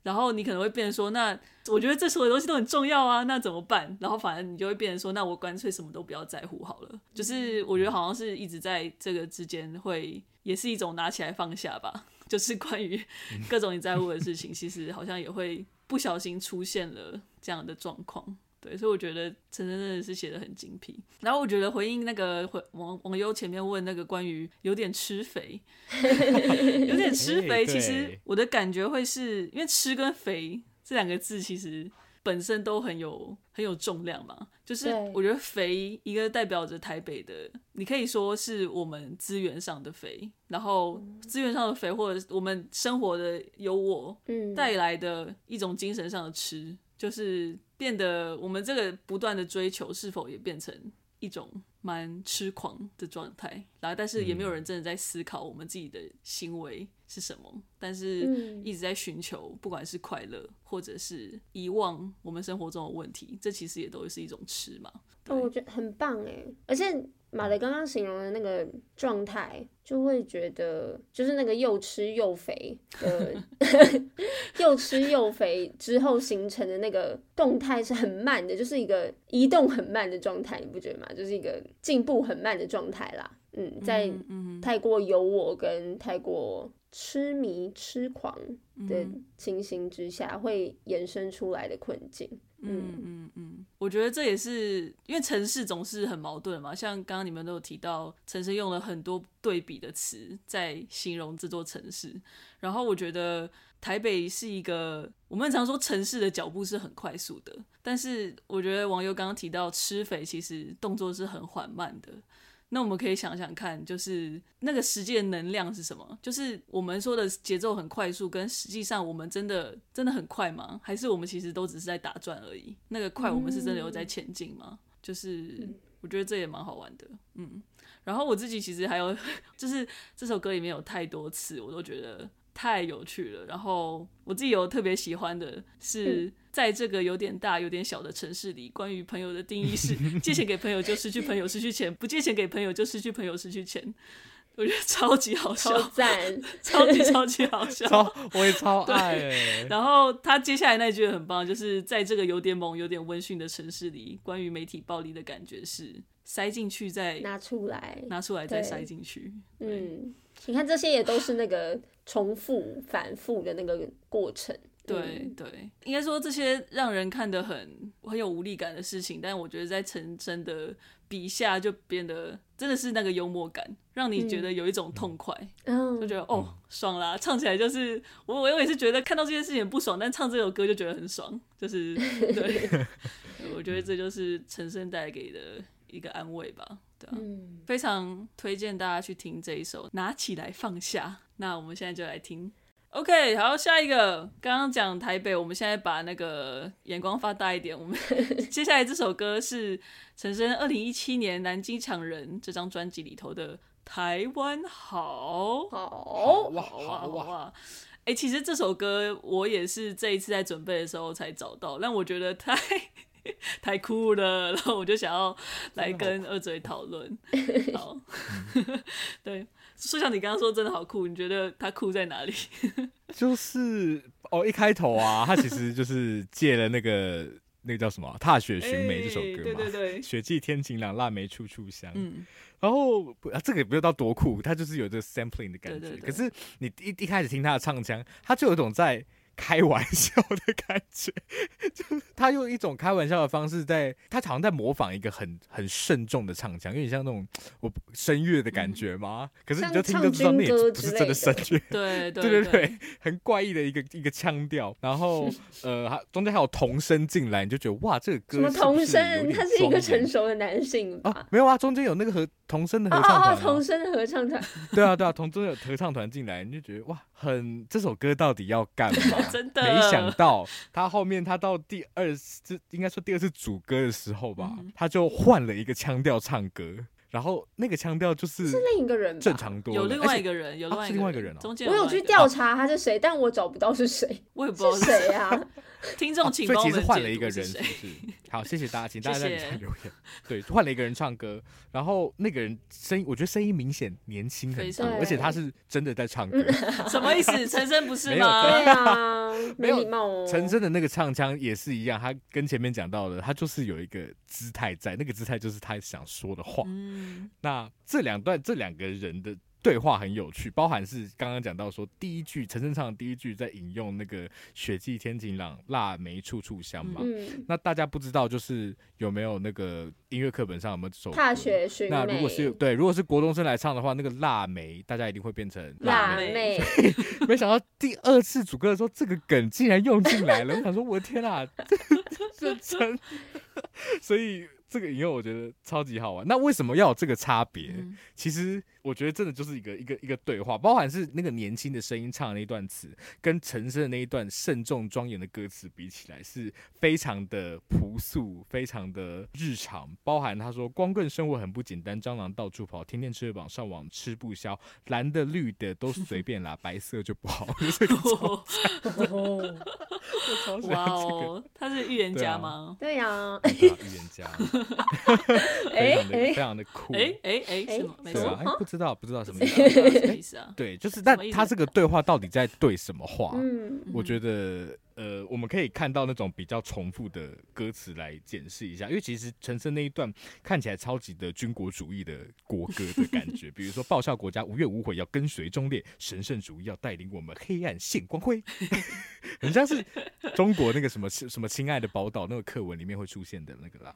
然後你可能會變成說，那我覺得這所有東西都很重要啊，那怎麼辦？然後反正你就會變成說，那我乾脆什麼都不要在乎好了。就是我覺得好像是一直在這個之間，會也是一種拿起來放下吧。就是關於各種你在乎的事情， 其實好像也會不小心出現了這樣的狀況。對，所以我覺得陳昇真的是寫的很精闢。然後我覺得回應那個網友前面問那個關於有點吃肥， 有點吃肥， 欸、其實我的感覺會是對因為吃跟肥這兩個字其實本身都很有很有重量嘛。就是我覺得肥一個代表着台北的，你可以說是我們資源上的肥，然後資源上的肥，或者我們生活的有我帶來的一種精神上的吃。就是變得，我們這個不斷的追求，是否也變成一種蠻癡狂的狀態？然後，但是也沒有人真的在思考我們自己的行為是什麼，但是一直在尋求，不管是快樂或者是遺忘我們生活中的問題，這其實也都是一種癡嘛。但、哦、我覺得很棒誒，而且。馬德剛剛形容的那個狀態，就會覺得就是那個又吃又肥呃， 又吃又肥之後形成的那個動態是很慢的，就是一個移動很慢的狀態，你不覺得嗎？就是一個進步很慢的狀態啦。嗯，在太過有我跟太過痴迷痴狂的情形之下，會延伸出來的困境。嗯嗯嗯我覺得這也是因為城市總是很矛盾嘛。像剛剛你們都有提到，陳昇用了很多對比的詞在形容這座城市。然後我覺得台北是一個，我們常說城市的腳步是很快速的，但是我覺得網友剛剛提到吃肥，其實動作是很緩慢的。那我們可以想想看，就是那個實際的能量是什麼？就是我們說的節奏很快速，跟實際上我們真的真的很快嗎？還是我們其實都只是在打轉而已？那個快，我們是真的有在前進嗎？就是我覺得這也蠻好玩的，嗯。然後我自己其實還有，就是這首歌裡面有太多詞，我都覺得太有趣了。然後我自己有特別喜歡的是。嗯在這個有點大、有點小的城市裡，關於朋友的定義是：借錢給朋友就失去朋友、失去錢； 不借錢給朋友就失去朋友、失去錢。我覺得超級好笑，超讚讚！超級超級好笑， 超，我也超愛、欸對。然後他接下來那句很棒，就是在這個有點猛、有點溫馴的城市裡，關於媒體暴力的感覺是：塞進去再拿出來，拿出來再塞進去。對對嗯，你看這些也都是那個重複、 反覆的那個過程。對對，應該說這些讓人看得很很有無力感的事情，但我覺得在陳昇的筆下就變得真的是那個幽默感，讓你覺得有一種痛快，嗯、就覺得、嗯、哦爽啦！唱起來就是我我也是覺得看到這件事情不爽，但唱這首歌就覺得很爽，就是對， 對，我覺得這就是陳昇帶給的一個安慰吧，對啊，嗯、非常推薦大家去聽這一首，拿起來放下，那我們現在就來聽。OK，好，下一個。剛剛講台北，我們現在把那個眼光放大一點。我們 接下來這首歌是陳升二零一七年《南京搶人》這張專輯裡頭的《台灣好》。好哇、啊，哇哇、啊，哇、啊，哎、啊欸，其實這首歌我也是這一次在準備的時候才找到，但我覺得太太酷了，然後我就想要來跟二嘴討論。好，好， 對。說像你剛剛說，真的好酷。你覺得他酷在哪裡？ 就是哦，一開頭啊，他其實就是借了那個 那個叫什麼《踏雪尋梅》這首歌嘛，欸、對對對，雪霽天晴朗，臘梅處處香。嗯，然後啊，這個也不知道多酷，他就是有這個 sampling 的感覺。對對對，可是你一一開始聽他的唱腔，他就有一種在開玩笑的感覺，就他用一種開玩笑的方式在，在他好像在模仿一個很很慎重的唱腔，有點像那種我聲樂的感覺嘛？可是你就聽不知道那也不是真的聲樂，嗯、 對對對,對,對,對,對很怪異的一個一個腔調。然後是是是呃，中間還有童聲進來，你就覺得哇，這個歌是是什麼童聲？他是一個成熟的男性、啊、沒有啊，中間有那個和童聲,、啊哦哦哦、童聲的合唱團，童聲的合唱團，對啊對啊，童聲有合唱團進來，你就覺得哇。很這首歌到底要幹嘛？ 真的，沒想到他後面他到第二次，應該說第二次主歌的時候吧，嗯、他就換了一個腔調唱歌，然後那個腔調就是是另一個人正常多了，有另外一個人，有另外一個人，中間我有去調查他是誰，啊、但我找不到是誰，我也不知道是誰呀、啊。 聽眾請況、啊、所以其實換了一個人是不是，是誰好，謝謝大家，請大家在底下留言。謝謝對，換了一個人唱歌，然後那個人聲音，我覺得聲音明顯年輕很多，對對對，而且他是真的在唱歌。嗯啊、 什麼意思？陳昇不是嗎？ 沒有禮貌，陳昇的那個唱腔也是一樣，他跟前面講到的，他就是有一個姿態在，那個姿態就是他想說的話。嗯、那這兩段，這兩個人的。對話很有趣，包含是剛剛講到說，第一句陳昇唱的第一句在引用那個“雪霽天晴朗，臘梅處處香”嘛。嗯、那大家不知道就是有沒有那個音樂課本上有沒有手踏雪尋梅？那如果是對，如果是國中生來唱的話，那個臘梅大家一定會變成辣妹。沒想到第二次主歌的時候， 這個梗竟然用進來了。我想說，我的天啊，這這這，所以這個引用我覺得超級好玩。那為什麼要有這個差別？嗯、其實。我覺得真的就是一個一個一個對話，包含是那個年輕的聲音唱的那一段詞，跟陳昇的那一段慎重莊嚴的歌詞比起來，是非常的樸素，非常的日常。包含他說：“光棍生活很不簡單，蟑螂到處跑，天天吃網上網吃不消，藍的綠的都隨便啦，呵呵白色就不好。就是”喔哦，喔這個，哇哦，他是預言家嗎？對呀、啊啊啊啊，預言、啊、家，非常的，欸欸、非常的酷，哎哎哎，是嗎啊，沒錯。知道不知道，不知道什麼意思啊？啊、 欸？對，就是，但、啊、他這個對話到底在對什麼話？嗯、我覺得，呃，我們可以看到那種比較重複的歌詞來解釋一下。因為其實陳昇那一段看起來超級的軍國主義的國歌的感覺， 比如說“報效國家，無怨無悔，要跟隨忠烈，神聖主義要帶領我們黑暗現光輝”，人家 是中國那個什麼什麼“親愛的寶島”那個課文裡面會出現的那個啦。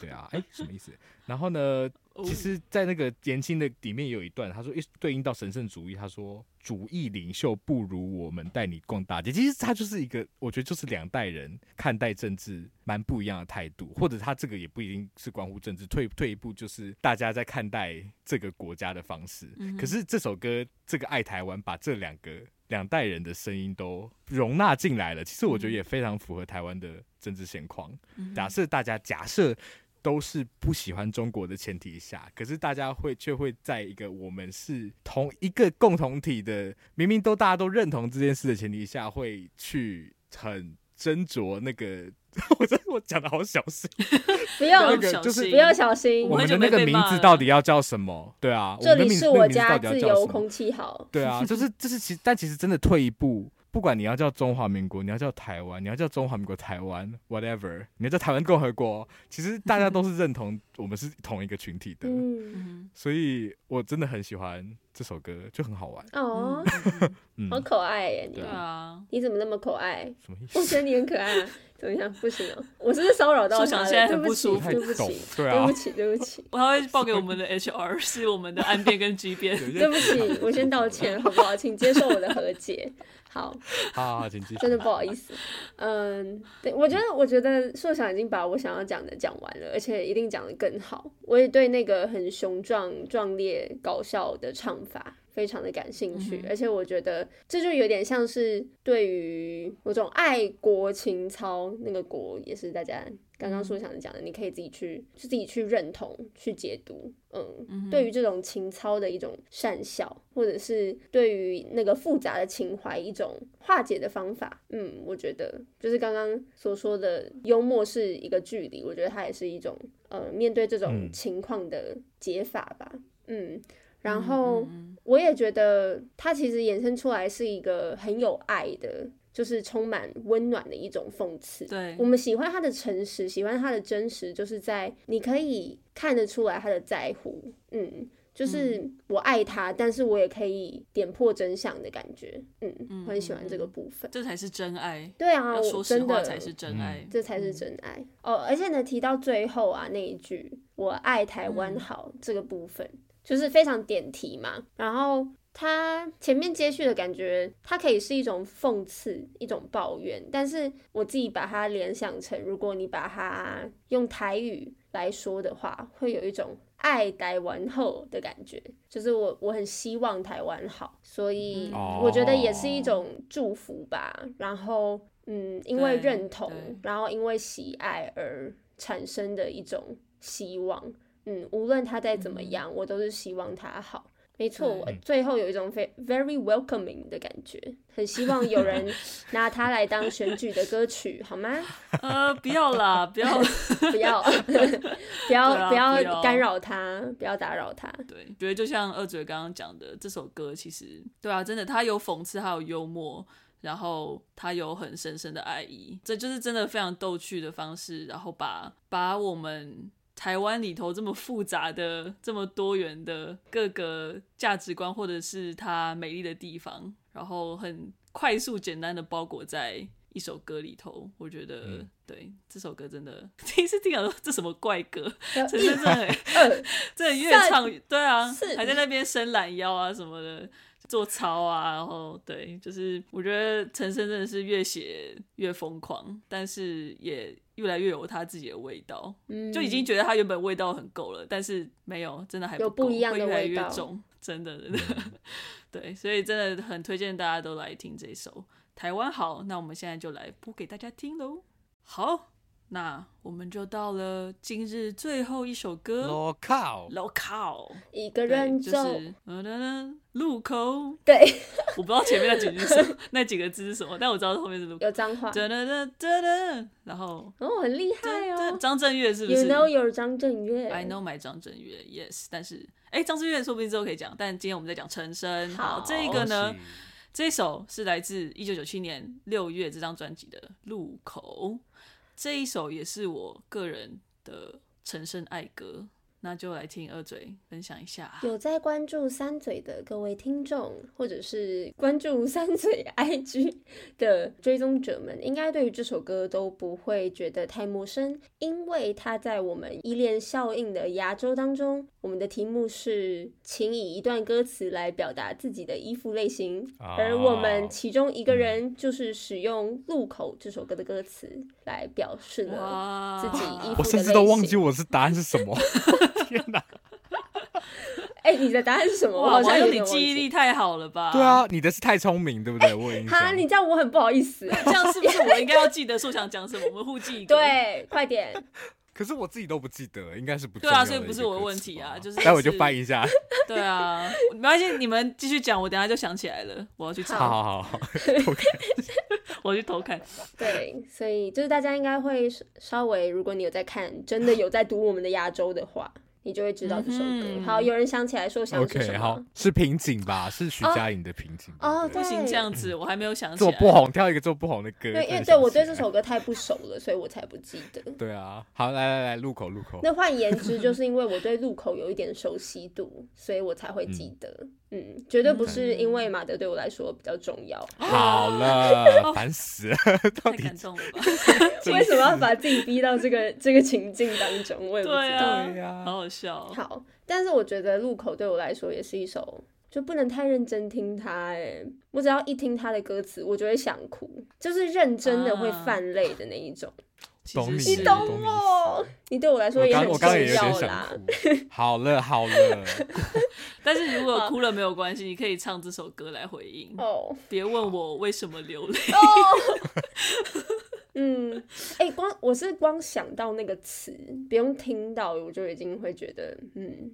對啊，哎、欸，什麼意思？ 然後呢？其實，在那個年輕的裡面也有一段，他說：“一對應到神聖主義，他說，主義領袖不如我們帶你逛大街。”其實他就是一個，我覺得就是兩代人看待政治蠻不一樣的態度，或者他這個也不一定是關乎政治。退退一步，就是大家在看待這個國家的方式。嗯、哼可是這首歌《這個愛台灣》把這兩個兩代人的聲音都容納進來了，其實我覺得也非常符合台灣的政治現況。嗯、哼假設大家假設。都是不喜歡中國的前提下，可是大家會卻會在一個我們是同一個共同體的，明明都大家都認同這件事的前提下，會去很斟酌那個。我我講的好小心， 不要用小心，我們的那個名字到底要叫什麼？對啊，這裡是我家，自由空氣好。對啊，就是就是其但其實真的退一步。不管你要叫中華民國，你要叫台灣，你要叫中華民國台灣，whatever，你要叫台灣共和國，其實大家都是認同我們是同一個群體的。嗯，所以我真的很喜歡這首歌，就很好玩。哦，嗯， 嗯，好可愛耶！你對啊，你怎麼那麼可愛？什麼意思？我覺得你很可愛。 等一下，不行啊！我是不是騷擾到社長？想現在很不舒服，對不起，對不起，對不起，對不起。我還會報給我們的 HR， 是我們的安編跟 G 編。 對不起，我先道歉 好不好？請接受我的和解，好。 好，好，請真的不好意思， 嗯，對我覺得，我覺得社長已經把我想要講的講完了，而且一定講得更好。我也對那個很雄壯、壯烈、搞笑的唱法非常的感興趣，嗯、哼而且我覺得這就有點像是對於某種愛國情操，那個“國”也是大家剛剛所想講的，嗯、哼你可以自己去，自己去認同、去解讀。嗯，嗯哼對於這種情操的一種訕笑，或者是對於那個複雜的情懷一種化解的方法。嗯，我覺得就是剛剛所說的幽默是一個距離，我覺得它也是一種呃面對這種情況的解法吧。嗯，嗯，然後。嗯我也覺得他其實衍生出來是一個很有愛的，就是充滿溫暖的一種諷刺。對，我們喜歡他的誠實，喜歡他的真實，就是在你可以看得出來他的在乎。嗯，就是我愛他，嗯、但是我也可以點破真相的感覺。嗯，嗯我很喜歡這個部分，這才是真愛。對啊，我說實話才是真愛，真的嗯、這才是真愛。嗯、哦，而且呢，提到最後啊那一句“我愛台灣好”嗯、這個部分。就是非常點題嘛，然後它前面接續的感覺，它可以是一種諷刺，一種抱怨，但是我自己把它聯想成，如果你把它用台語來說的話，會有一種愛台灣後的感覺，就是我我很希望台灣好，所以我覺得也是一種祝福吧。然後，嗯，因為認同，然後因為喜愛而產生的一種希望。嗯，無論他再怎麼樣，嗯、我都是希望他好。沒錯，我對最後有一種 very welcoming 的感覺，很希望有人拿他來當選舉的歌曲， 好嗎？呃，不要啦，不要， 不要， 不要，啊、不要干擾他，啊、不要，不要打擾他。對，對就像二嘴剛剛講的，這首歌其實對啊，真的，他有諷刺，還有幽默，然後他有很深深的愛意，這就是真的非常逗趣的方式，然後把把我們。台灣裡頭這麼複雜的、這麼多元的各個價值觀，或者是它美麗的地方，然後很快速、簡單的包裹在一首歌裡頭。我覺得，嗯、對這首歌真的第一次聽到說，這什麼怪歌？陳先、嗯、生的，真的越、嗯、唱下對啊，是還在那邊伸懶腰啊什麼的，做操啊，然後對，就是我覺得陳昇真的是越寫越瘋狂，但是也。越來越有他自己的味道，嗯，就已經覺得他原本味道很夠了，但是沒有，真的還不夠，會越來越重，真的，真的 對，所以真的很推薦大家都來聽這首《台灣好》。那我們現在就來播給大家聽嘍，好。那我們就到了今日最後一首歌。路口，路口，一個人走。路、就是、路口，對，我不知道前面那幾句是什麼 那幾個字是什麼，但我知道後面是路口。有髒話。然後，然後、哦、很厲害哦。張震岳是不是？You know your 張震岳。I know my 張震岳，Yes。但是，哎、欸，張震岳說不定之後可以講。但今天我們在講陳昇。好，這一個呢，喜這首是來自一九九七年六月這張專輯的《路口》。這一首也是我個人的陳昇愛歌。那就來聽二嘴分享一下啊。有在關注三嘴的各位聽眾，或者是關注三嘴 IG 的追蹤者們，應該對於這首歌都不會覺得太陌生，因為它在我們依戀效應的亞洲當中，我們的題目是請以一段歌詞來表達自己的依附類型，oh. 而我們其中一個人就是使用《路口》這首歌的歌詞來表示了自己依附的類型。Oh. 我甚至都忘記我是答案是什麼。 天哪！哎，你的答案是什麼？我好像有點記,你記憶力太好了吧？對啊，你的是太聰明，對不對？欸、我已經哈，你這樣我很不好意思、欸。 這樣是不是我應該要記得？樹想講什麼？我們互記一個，對，快點。可是我自己都不記得，應該是不對啊，所以不是我的問題啊。就是那、就、我、是、就翻一下。對啊，沒關係，你們繼續講，我等下就想起來了。我要去查。好,好,好,好，好，好，好。我去偷看。 對，所以就是大家應該會稍微，如果你有在看，真的有在讀我們的亞洲的話， 你就會知道這首歌。好，有人想起來說想起來 OK，好，是瓶頸吧？是徐佳瑩的瓶頸。哦，對不行，這樣子我還沒有想起來。嗯、做不紅，挑一個做不紅的歌。的對，因為對我對這首歌太不熟了，所以我才不記得。 對啊，好，來來來，路口路口。入口那換言之，就是因為我對路口有一點熟悉度， 所以我才會記得。嗯嗯，絕對不是因為馬德對我來說比較重要。嗯、好了，煩死了！ 底太感動了吧， 為什麼要把自己逼到這個 這個情境當中？我也不知道，啊、好好笑。好，但是我覺得《路口》對我來說也是一首，就不能太認真聽它。哎，我只要一聽他的歌詞，我就會想哭，就是認真的會泛淚的那一種。啊你懂我，你對我來說也很重要。我剛也有點想哭。好了好了，但是如果哭了沒有關係，你可以唱這首歌來回應。哦，別問我為什麼流淚。嗯，哎，光我是光想到那個詞，不用聽到我就已經會覺得，嗯，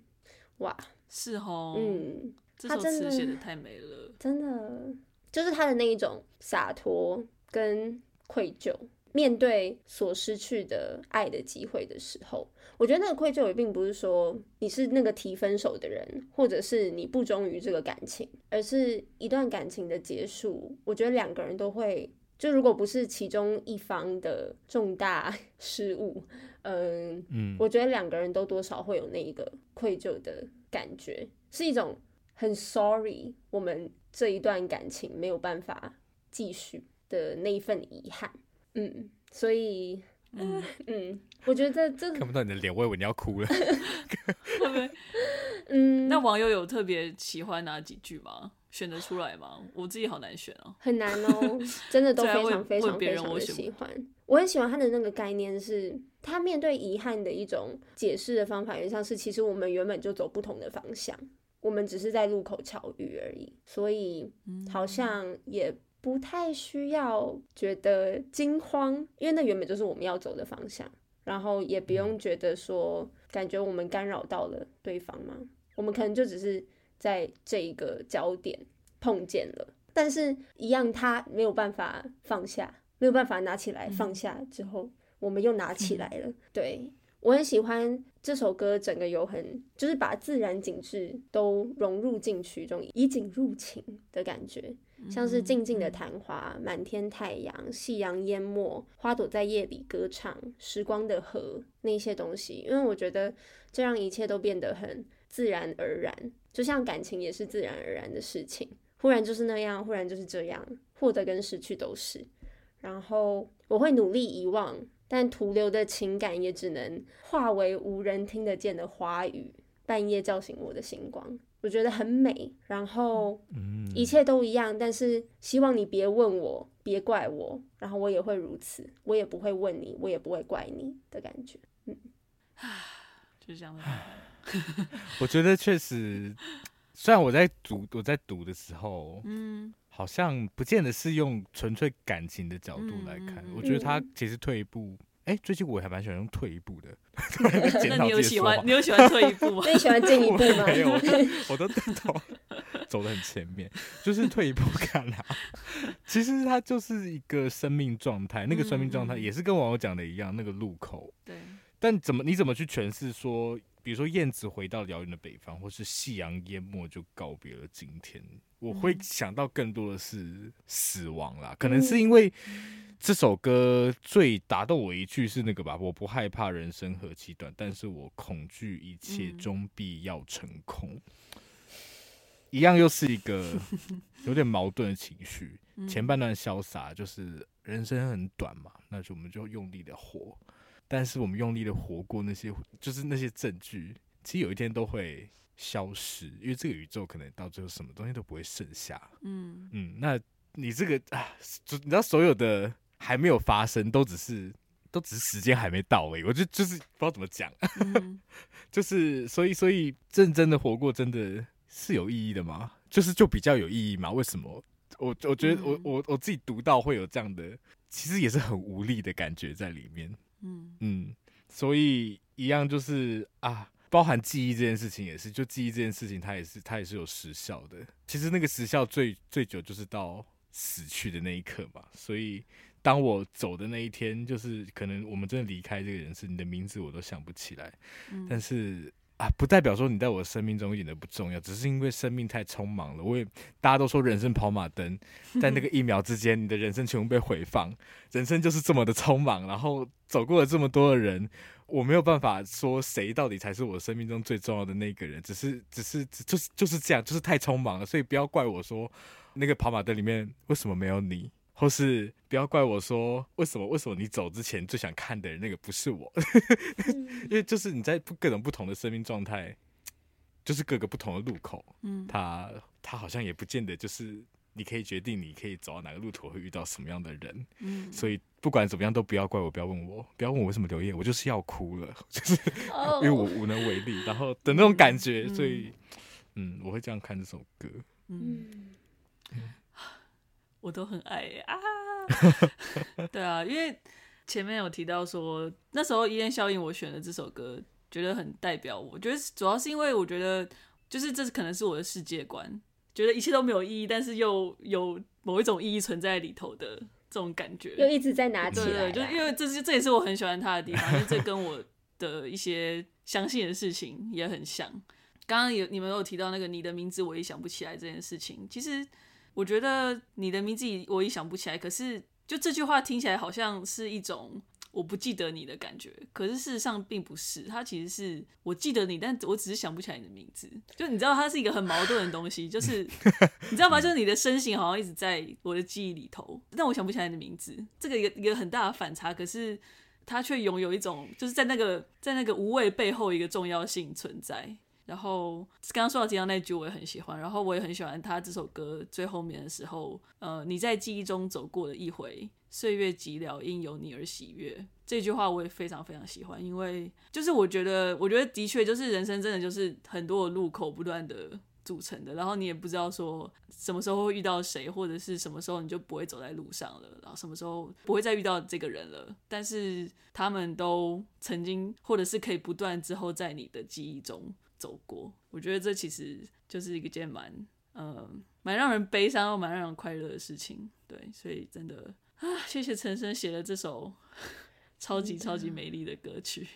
哇，是哦，嗯，這首詞寫的太美了，真的，就是他的那一種灑脫跟愧疚。面對所失去的愛的機會的時候，我覺得那個愧疚也並不是說你是那個提分手的人，或者是你不忠於這個感情，而是一段感情的結束。我覺得兩個人都會，就如果不是其中一方的重大失誤，呃、嗯，我覺得兩個人都多少會有那一個愧疚的感覺，是一種很 sorry，我們這一段感情沒有辦法繼續的那一份遺憾。嗯，所以，嗯、嗯、嗯，我覺得這個，看不到你的臉，我以為你要哭了。 嗯，那網友有特別喜歡哪幾句嗎？選得出來嗎？我自己好難選哦，啊，很難哦，真的都非常非常非常的喜歡。我、喜歡我很喜歡他的那個概念是，是他面對遺憾的一種解釋的方法，原像是其實我們原本就走不同的方向，我們只是在路口巧遇而已，所以好像也。不太需要覺得驚慌，因為那原本就是我們要走的方向。然後也不用覺得說，感覺我們干擾到了對方嗎？我們可能就只是在這一個焦點碰見了。但是一樣，他沒有辦法放下，沒有辦法拿起來放下之後，嗯、我們又拿起來了。嗯、對，我很喜歡這首歌，整個有很就是把自然景緻都融入進去，這種以景入情的感覺。像是靜靜的曇花，滿天太陽，夕陽淹沒，花朵在夜裡歌唱，時光的河，那些東西，因為我覺得這讓一切都變得很自然而然，就像感情也是自然而然的事情，忽然就是那樣，忽然就是這樣，獲得跟失去都是。然後我會努力遺忘，但徒留的情感也只能化為無人聽得見的花語，半夜叫醒我的星光。我覺得很美，然後一切都一樣，嗯、但是希望你別問我，別怪我，然後我也會如此，我也不會問你，我也不會怪你的感覺，嗯，啊，就是這樣的。 我覺得確實，雖然我在讀我在讀的時候，嗯，好像不見得是用純粹感情的角度來看，嗯、我覺得他其實退一步。哎、欸，最近我還蠻喜歡用退一步的， 的那你有喜歡，你有喜歡退一步嗎、啊？那 你喜歡進一步嗎？沒有，我，我，都我，都我都走走的很前面，就是退一步看啊。其實它就是一個生命狀態，那個生命狀態也是跟網友講的一樣，嗯、那個路口。對。但怎麼你怎麼去詮釋說，比如說燕子回到遙遠的北方，或是夕陽淹沒就告別了今天。我會想到更多的是死亡啦，可能是因為這首歌最打動我一句是那個吧，我不害怕人生何其短，但是我恐懼一切終必要成空。一樣又是一個有點矛盾的情緒，前半段瀟灑就是人生很短嘛，那就我們就用力的活，但是我們用力的活過那些，就是那些證據，其實有一天都會。消失，因為這個宇宙可能到最後什麼東西都不會剩下。嗯嗯，那你這個啊就，你知道所有的還沒有發生都，都只是都只是時間還沒到而已。我就就是不知道怎麼講、嗯，就是所以所以認真的活過，真的是有意義的嗎？就是就比較有意義嗎？為什麼？我我覺得我、嗯、我我自己讀到會有這樣的，其實也是很無力的感覺在裡面。嗯嗯，所以一樣就是啊。包含記憶這件事情也是，就記憶這件事情，它也是它也是有時效的。其實那個時效最最久就是到死去的那一刻嘛。所以當我走的那一天，就是可能我們真的離開這個人世，你的名字我都想不起來。嗯、但是啊，不代表說你在我的生命中一點都不重要，只是因為生命太匆忙了。我也大家都說人生跑馬燈，在那個一秒之間，你的人生全部被回放。呵呵。人生就是這麼的匆忙，然後走過了這麼多的人。我沒有辦法說誰到底才是我生命中最重要的那個人，只是，只是，只是就是就是這樣，就是太匆忙了，所以不要怪我說那個跑馬燈裡面為什麼沒有你，或是不要怪我說為什麼為什麼你走之前最想看的人那個不是我， 因為就是你在各種不同的生命狀態，就是各個不同的路口，嗯，他他好像也不見得就是，你可以決定，你可以走到哪個路途會遇到什麼樣的人。嗯、所以不管怎麼樣，都不要怪我，不要問我，不要問我為什麼流淚，我就是要哭了，就是、oh, 因為我無能為力，然後的那種感覺。嗯、所以，嗯，嗯，我會這樣看這首歌。嗯，嗯我都很愛、欸、啊。 對啊，因為前面有提到說，那時候依然效應，我選的這首歌，覺得很代表我。我覺得主要是因為，我覺得就是這可能是我的世界觀。覺得一切都沒有意義，但是又有某一種意義存在裡頭的這種感覺，又一直在拿起來。對，對，對，就因為這是這也是我很喜歡他的地方， 這跟我的一些相信的事情也很像。剛剛有你們有提到那個你的名字我也想不起來這件事情，其實我覺得你的名字我也想不起來，可是就這句話聽起來好像是一種。我不記得你的感覺，可是事實上並不是。他其實是我記得你，但我只是想不起來你的名字。就你知道，它是一個很矛盾的東西。就是 你知道嗎？就是你的身形好像一直在我的記憶裡頭，但我想不起來你的名字。這個一個一個很大的反差，可是它卻擁有一種，就是在那個在那個無畏背後一個重要性存在。然後剛剛說到提到那句，我也很喜歡。然後我也很喜歡他這首歌最後面的時候，呃，你在記憶中走過的一回。歲月寂寥，因有你而喜悅。這句話我也非常非常喜歡，因為就是我覺得，我覺得的確就是人生真的就是很多的路口不斷的組成的，然後你也不知道說什麼時候會遇到誰，或者是什麼時候你就不會走在路上了，然後什麼時候不會再遇到這個人了。但是他們都曾經，或者是可以不斷之後在你的記憶中走過。我覺得這其實就是一個件蠻、嗯、蠻讓人悲傷又蠻讓人快樂的事情。對，所以真的。啊，謝謝陳昇寫的這首超級超級美麗的歌曲。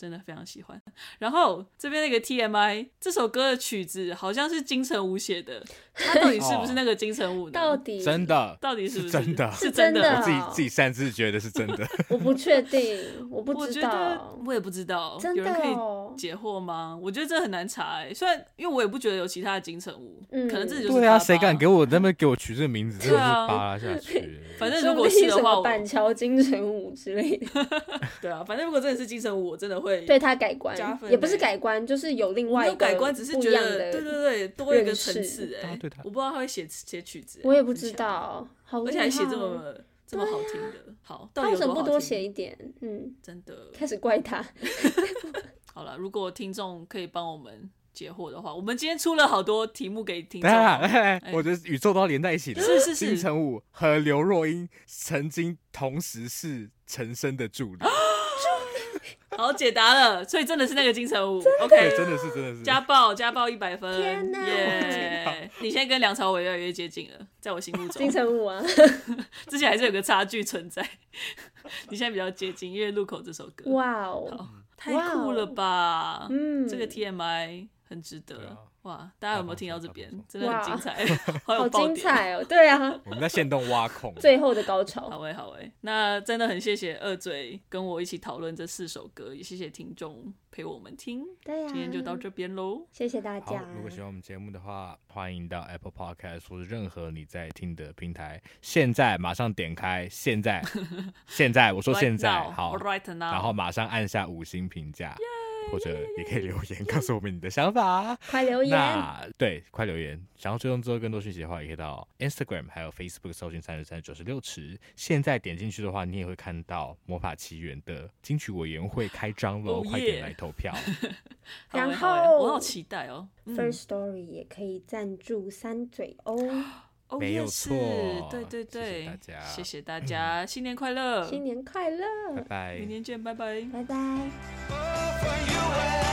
真的非常喜歡。然後這邊那個 T M I 這首歌的曲子好像是金城武寫的，他到底是不是那個金城武呢？到底真的？到底是不是真的？是真的，我自己自己擅自覺得是真的。我不確定，我不知道，我也不知道。有人可以解惑嗎？我覺得這很難查。哎，雖然因為我也不覺得有其他的金城武，可能自己就是對啊。誰敢給我那邊給我取這個名字，就是扒拉下去。反正如果是的話，板橋金城武之類的。對啊，反正如果真的是金城武，我真的會。對他改觀，也不是改觀，就是有另外一個改觀，只是不一樣的。對對對，多一個層次。哎，對他，我不知道他會寫寫曲子，我也不知道。而且還寫這麼這麼好聽的，好，他為什麼不多寫一點？嗯，真的，開始怪他。好了，如果聽眾可以幫我們解惑的話，我們今天出了好多題目給聽眾。我覺得宇宙都要連在一起的。是是是，金城武和劉若英曾經同時是陳昇的助理。 好，解答了，所以真的是那個金城武，真的啊？OK，真的是真的是家暴，家暴一百分，耶！你現在跟梁朝偉越來越接近了，在我心目中，金城武啊， 之前還是有個差距存在， 你現在比較接近，因為《路口》這首歌，哇哦 Wow，太酷了吧，Wow 這個 TMI 很值得。嗯哇，大家有沒有聽到這邊？真的很精彩，好精彩哦！對啊，我們在陷洞挖空，最後的高潮。好誒，好誒，那真的很謝謝二嘴跟我一起討論這四首歌，也謝謝聽眾陪我們聽。對呀，今天就到這邊嘍，謝謝大家。如果喜歡我們節目的話，歡迎到 Apple Podcast 或任何你在聽的平台，現在馬上點開，現在，現在我說現在好，然後馬上按下五星評價。或者也可以留言告訴我們你的想法，快留言那！對，快留言！想要追蹤之後更多訊息的話，也可以到 Instagram，還有 Facebook 搜尋三十三十九十六池。現在點進去的話，你也會看到《魔髮奇緣》的金曲委員會開張了，快點來投票！Oh, yeah. 然後 好好我好期待哦、嗯、！Firstory 也可以贊助三嘴哦。Oh. 哦，沒有錯，對對對，謝謝大家，謝謝大家，新年快樂，新年快樂，拜拜，明天見，拜拜，拜拜。拜拜拜拜。